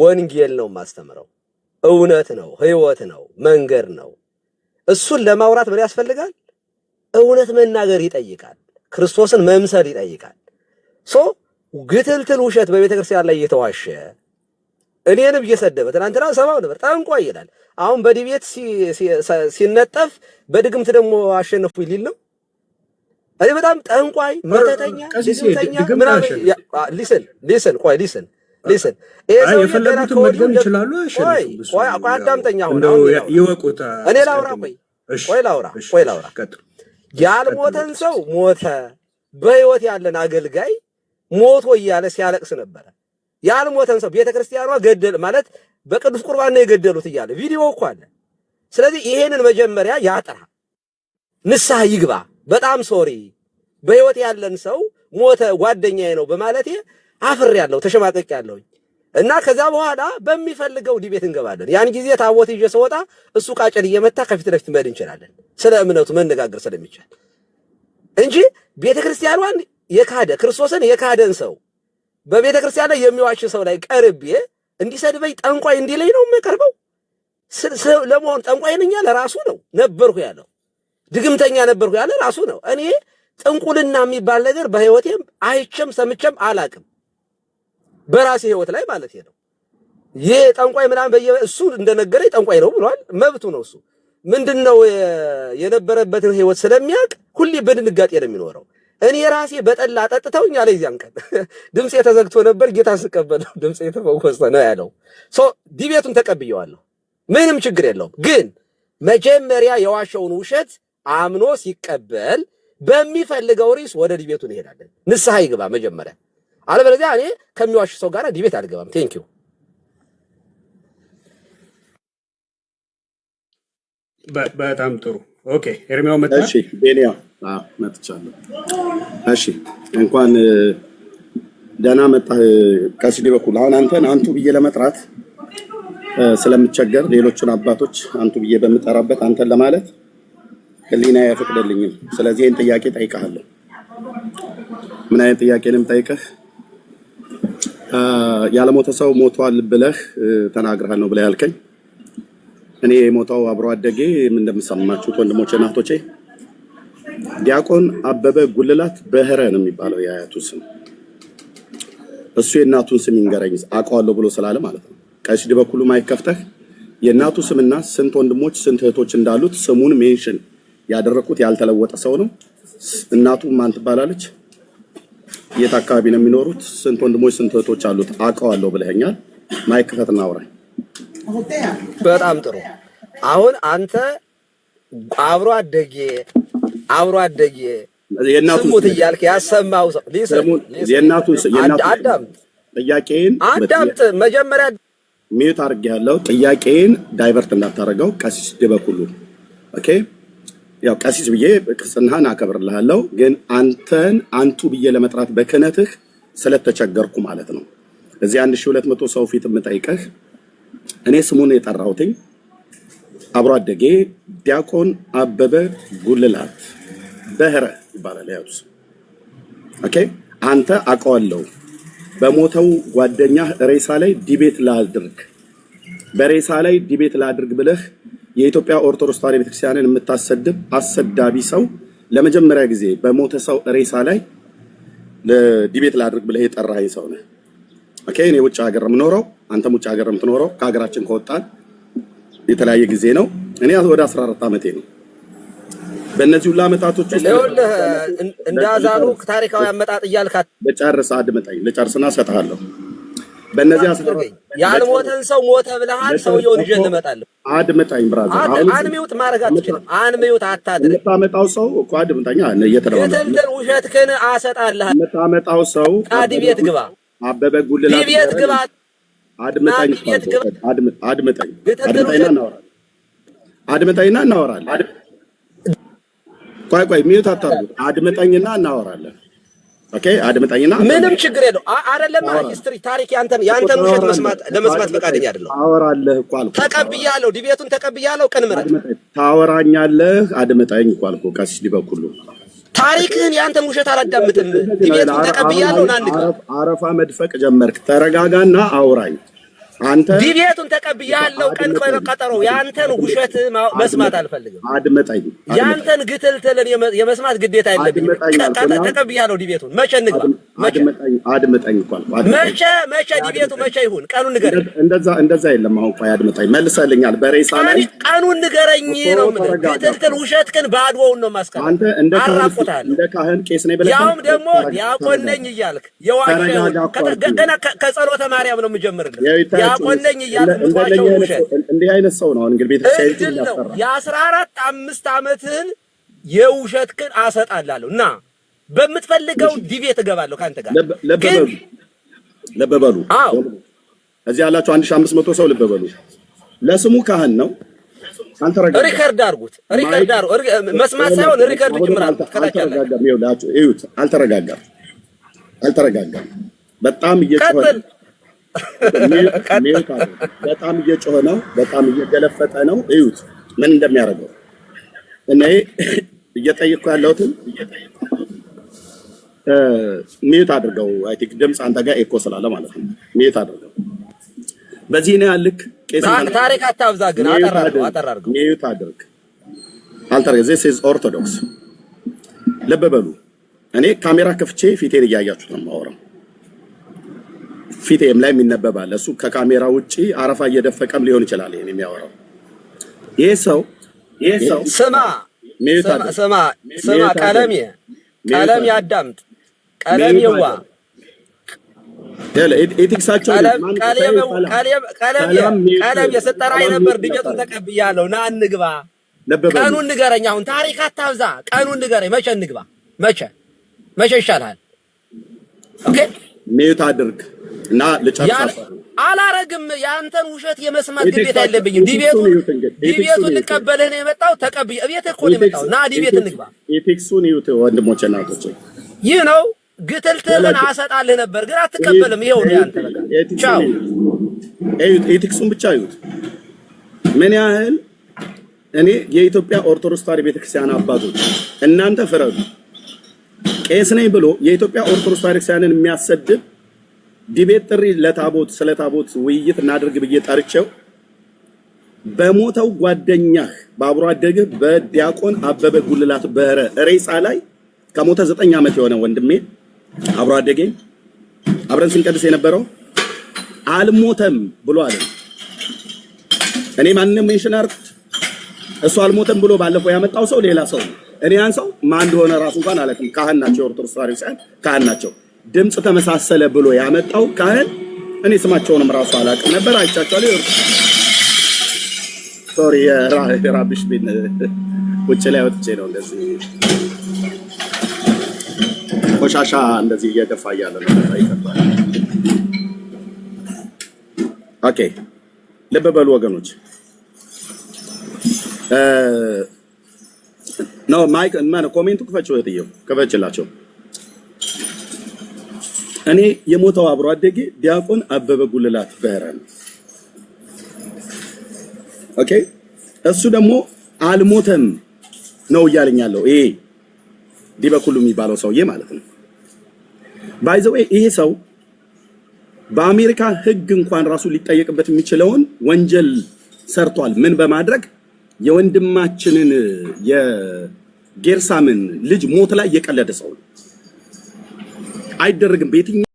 ወንጌል ነው የማስተምረው። እውነት ነው፣ ህይወት ነው፣ መንገድ ነው። እሱን ለማውራት ምን ያስፈልጋል? እውነት መናገር ይጠይቃል። ክርስቶስን መምሰል ይጠይቃል። ሶ ግትልትል ውሸት በቤተ ክርስቲያን ላይ እየተዋሸ እኔንም እየሰደበ ትናንትና ሰማው ነበር ጠንቋይ ይላል። አሁን በዲቤት ሲነጠፍ በድግምት ደግሞ አሸነፉ ሊል ነው። እኔ በጣም ጠንቋይ መተተኛ ሊስን ሊስን ቆይ ሊስን ሊስን የፈለጉትን መድገም ይችላሉ። አዳምጠኛ ይወቁት። እኔ ላውራ፣ ቆይ ቆይ ላውራ፣ ቆይ ላውራ። ያልሞተን ሰው ሞተ፣ በህይወት ያለን አገልጋይ ሞቶ እያለ ሲያለቅስ ነበረ። ያልሞተን ሰው ቤተ ክርስቲያኗ ገደል ማለት በቅዱስ ቁርባን ነው የገደሉት እያለ ቪዲዮ እኮ አለ። ስለዚህ ይሄንን መጀመሪያ ያጥራ፣ ንስሐ ይግባ። በጣም ሶሪ፣ በህይወት ያለን ሰው ሞተ ጓደኛዬ ነው በማለቴ አፍር ያለው ተሸማቀቅ ያለውኝ እና ከዛ በኋላ በሚፈልገው ዲቤት እንገባለን። ያን ጊዜ ታቦት ይዤ ስወጣ እሱ ቃጨል እየመታ ከፊት ለፊት መሄድ እንችላለን፣ ስለ እምነቱ መነጋገር ስለሚቻል እንጂ ቤተ ክርስቲያኗን የካደ ክርስቶስን የካደን ሰው በቤተ ክርስቲያን ላይ የሚዋሽ ሰው ላይ ቀርቤ እንዲሰድበኝ ጠንቋይ እንዲለኝ ነው የምቀርበው። ለመሆኑ ጠንቋይ ነኛ ያለ ነው ነበርኩ ያለው ድግምተኛ ነበርኩ ያለ ራሱ ነው። እኔ ጥንቁልና የሚባል ነገር በሕይወቴም አይቼም ሰምቼም አላቅም። በራሴ ህይወት ላይ ማለት ነው። ይህ ጠንቋይ ምናምን በየ እሱ እንደነገረኝ ጠንቋይ ነው ብሏል። መብቱ ነው። እሱ ምንድነው የነበረበትን ህይወት ስለሚያውቅ ሁሌ በድንጋጤ ነው የሚኖረው። እኔ ራሴ በጠላ ጠጥተውኝ አለ። ይዚያን ቀን ድምጼ ተዘግቶ ነበር። ጌታን ስቀበለው ድምጼ የተፈወሰ ነው ያለው። ሶ ዲቤቱን ተቀብየዋለሁ። ምንም ችግር የለውም። ግን መጀመሪያ የዋሸውን ውሸት አምኖ ሲቀበል በሚፈልገው ርዕስ ወደ ዲቤቱ እንሄዳለን። ንስሐ ይግባ መጀመሪያ አለበለዚያ እኔ ከሚዋሽ ሰው ጋር ዲቤት አልገባም። ቴንኪው በጣም ጥሩ ኦኬ። ኤርሚያው መጣ። እሺ ቤኒያ መጥቻለሁ። እሺ እንኳን ደህና መጣ። ከሲዲ በኩል አሁን አንተን አንቱ ብዬ ለመጥራት ስለምቸገር ሌሎቹን አባቶች አንቱ ብዬ በምጠራበት አንተን ለማለት ህሊና አይፈቅድልኝም። ስለዚህ ይህን ጥያቄ ጠይቀሃለሁ። ምን አይነት ጥያቄንም ጠይቀህ ያለሞተ ሰው ሞቷል ብለህ ተናግረሃል ነው ብለህ ያልከኝ። እኔ የሞተው አብሮ አደጌ እንደምሰማችሁት ወንድሞቼ እና እህቶቼ ዲያቆን አበበ ጉልላት በህረ ነው የሚባለው የአያቱ ስም። እሱ የእናቱን ስም ይንገረኝ አውቀዋለሁ ብሎ ስላለ ማለት ነው። ቀሲስ ዲበኩሉ ማይከፍተህ የእናቱ ስምና ስንት ወንድሞች ስንት እህቶች እንዳሉት ስሙን ሜንሽን ያደረኩት ያልተለወጠ ሰው ነው። እናቱ ማን ትባላለች? የት አካባቢ ነው የሚኖሩት? ስንት ወንድሞች ስንት እህቶች አሉት? አውቀዋለሁ ብለኸኛል። ማይክ ከፈት እናውራኝ። በጣም ጥሩ። አሁን አንተ አብሮ አደጌ አብሮ አደጌ ስሙት እያልክ ያሰማው ሰው ጥያቄን አዳምጥ። መጀመሪያ ሚዩት ያለው ጥያቄን ዳይቨርት እንዳታደርገው ቀሲስ ድበኩሉ ኦኬ ያው ቀሲስ ብዬ ቅስናህን አከብርልሃለሁ፣ ግን አንተን አንቱ ብዬ ለመጥራት በክህነትህ ስለተቸገርኩ ማለት ነው። እዚህ 1200 ሰው ፊት የምጠይቀህ እኔ ስሙን የጠራሁትኝ አብሮ አደጌ ዲያቆን አበበ ጉልላት በህረ ይባላል ያቱስ ኦኬ። አንተ አውቀዋለሁ በሞተው ጓደኛህ ሬሳ ላይ ዲቤት ላድርግ፣ በሬሳ ላይ ዲቤት ላድርግ ብለህ የኢትዮጵያ ኦርቶዶክስ ተዋሕዶ ቤተክርስቲያንን የምታሰድብ አሰዳቢ ሰው ለመጀመሪያ ጊዜ በሞተ ሰው ሬሳ ላይ ዲቤት ላድርግ ብለህ የጠራህ ሰው ነህ። ኦኬ። እኔ ውጭ ሀገር የምኖረው አንተም ውጭ ሀገር የምትኖረው ከሀገራችን ከወጣን የተለያየ ጊዜ ነው። እኔ ወደ 14 ዓመቴ ነው። በእነዚህ ሁሉ ዓመታቶች ውስጥ ታሪካዊ አመጣጥ እያልካት ልጨርስ፣ አድመጠኝ ልጨርስና እሰጥሃለሁ በእነዚህ ያልሞተን ሰው ሞተ ብለሃል። ሰውየውን ይዤ እንመጣለን። አድምጠኝ ብራዘር፣ አንሚውጥ ማድረግ አትችልም። አንሚውጥ አታድርግ። የምታመጣው ሰው እኮ አድምጠኝ፣ እየተለዋለድን ውሸትህን አሰጣልሃል። የምታመጣው ሰው ቃዲ ቤት ግባ፣ አበበ ጉልላት ቤት ግባ። አድምጠኝ፣ አድምጠኝ፣ አድምጠኝና እናወራለን። አድምጠኝና እናወራለን። ቆይ ቆይ፣ ሚውት አታድርጉት። አድምጠኝና እናወራለን ኦኬ አድምጠኝና፣ ምንም ችግር የለው አይደለም። ሂስትሪ ታሪክ ያንተን ያንተን ውሸት መስማት ለመስማት ፈቃደኛ አይደለም። እኮ አልኩህ። ተቀብያለሁ፣ ዲቤቱን ተቀብያለሁ። ምረት ታወራኛለህ። አድምጠኝ እኮ አልኩህ። ቀሲስ ታሪክህን ያንተን ውሸት አላዳምጥም። ዲቤቱን ተቀብያለሁ። ናንድ አረፋ መድፈቅ ጀመርክ። ተረጋጋና አውራኝ አንተ ዲቤቱን ተቀብያለሁ። ቀን ቀጠሮው ያንተን ውሸት መስማት አልፈልግም። አድመጣኝ። ያንተን ግትልትልን የመስማት ግዴታ የለብኝም። ተቀብያለሁ ዲቤቱን። መቼ እንግባ? አድምጠኝ እኮ አልኩህ። መቼ መቼ ዲቤቱ መቼ ይሁን ቀኑን ንገረኝ። እንደዛ እንደዛ የለም። አሁን ቆይ አድምጠኝ። መልሰልኛል። በሬሳ ላይ ቀኑን ንገረኝ ነው የምልህ። ትክክል ውሸት ግን ባድወውን ነው ማስቀር። አንተ እንደ ካህን እንደ ካህን ቄስ ነኝ ብለህ ያውም ደግሞ ዲያቆን ነኝ እያልክ ገና ከጸሎተ ማርያም ነው የምጀምርልህ። ዲያቆን ነኝ እያልክ ምትዋሸው ውሸት። እንዲህ አይነት ሰው ነው አሁን እንግዲህ ቤተክርስቲያን ያሰራ የአስራ አራት አምስት ዓመትህን የውሸት ግን አሰጣላለሁ እና በምትፈልገው ዲቤት እገባለሁ ከአንተ ጋር ግን ልበበሉ። አዎ እዚህ ያላችሁ 1500 ሰው ልበበሉ። ለስሙ ካህን ነው። ሪከርድ አድርጉት። ሪከርድ አድርጉት። መስማት ሳይሆን ሪከርድ ጭምር አድርጉት። ከታች አላችሁ እዩት። አልተረጋጋም፣ አልተረጋጋም። በጣም እየጮኸ በጣም እየጮኸ ነው። በጣም እየገለፈጠ ነው። እዩት ምን እንደሚያደርገው እኔ እየጠየቅኩ ያለሁትን ሚዩት አድርገው። አይ ቲንክ ድምፅ አንተ ጋር ኤኮ ስላለ ማለት ነው። ሚዩት አድርገው። በዚህ ነው ያልክ። ቄስ ታሪክ አታብዛ ግን አጠራርገው። ሚዩት አድርግ አልተረገ ዚስ ኢዝ ኦርቶዶክስ። ልብ በሉ። እኔ ካሜራ ከፍቼ ፊቴን እያያችሁት ነው የማወራው። ፊቴም ላይ የሚነበባል እሱ ከካሜራ ውጪ አረፋ እየደፈቀም ሊሆን ይችላል ይሄን የሚያወራው ይሄ ሰው ይሄ ሰው ስማ ስማ ስማ ቀለሜ ቀለሜ አዳምጥ ቀለሜዋ ኤቲክሳቸው ቀለም የስጠራኝ ነበር። ተቀብያለሁ። ና እንግባ። ቀኑን ንገረኝ። አሁን ታሪክ አታብዛ። ቀኑን ንገረኝ። መቼ እንግባ? መቼ መቼ ይሻልሃል? አድርግ እና ልጨርስ። አላረግም። የአንተን ውሸት የመስማት ግዴታ የለብኝም። ልቀበልህ ነው የመጣው። እኮ ነው የመጣው። ና እንግባ። ይዩት ወንድሞቼ፣ እናቶቼ ይህ ነው ግትልትልን አሰጣልህ ነበር ግን አትቀበልም። ይሄው ነው ያንተ በቃ ቻው። እዩት፣ የጥቅሱን ብቻ እዩት። ምን ያህል እኔ የኢትዮጵያ ኦርቶዶክስ ተዋሕዶ ቤተክርስቲያን አባቶች እናንተ ፍረዱ። ቄስ ነኝ ብሎ የኢትዮጵያ ኦርቶዶክስ ተዋሕዶ ቤተክርስቲያንን የሚያሰድብ ዲቤት ጥሪ ለታቦት ስለ ታቦት ውይይት እናድርግ ብዬ ጠርቼው በሞተው ጓደኛህ በአብሮ አደግህ በዲያቆን አበበ ጉልላት በረ ሬሳ ላይ ከሞተ ዘጠኝ ዓመት የሆነ ወንድሜ አብሮ አደጌ አብረን ስንቀድስ የነበረው አልሞተም ብሎ አለ። እኔ ማንንም ሚሽነር እሱ አልሞተም ብሎ ባለፈው ያመጣው ሰው ሌላ ሰው እኔ ያን ሰው ማን እንደሆነ ራሱ እንኳን አላውቅም። ካህን ናቸው፣ የኦርቶዶክስ ተዋሕዶ ካህን ናቸው። ድምፅ ተመሳሰለ ብሎ ያመጣው ካህን እኔ ስማቸውንም ራሱ አላውቅም ነበር። አይቻቸዋለሁ። ሶሪ ራብሽ ቢን ውጭ ላይ ወጥቼ ነው እንደዚህ ቆሻሻ እንደዚህ እየደፋ እያለ ነው። ኦኬ ልብ በሉ ወገኖች። ነው ማይክ ማን ኮሜንቱ ክፈችው፣ እህትዬው ክፈችላቸው። እኔ የሞተው አብሮ አደጌ ዲያቆን አበበ ጉልላት በህረ ነው። ኦኬ እሱ ደግሞ አልሞተም ነው እያለኛለሁ። ይሄ ዲበኩሉ የሚባለው ሰውዬ ማለት ነው። ባይዘው ይሄ ሰው በአሜሪካ ህግ እንኳን ራሱ ሊጠየቅበት የሚችለውን ወንጀል ሰርቷል። ምን በማድረግ የወንድማችንን የጌርሳምን ልጅ ሞት ላይ የቀለደ ሰው አይደረግም። በየትኛው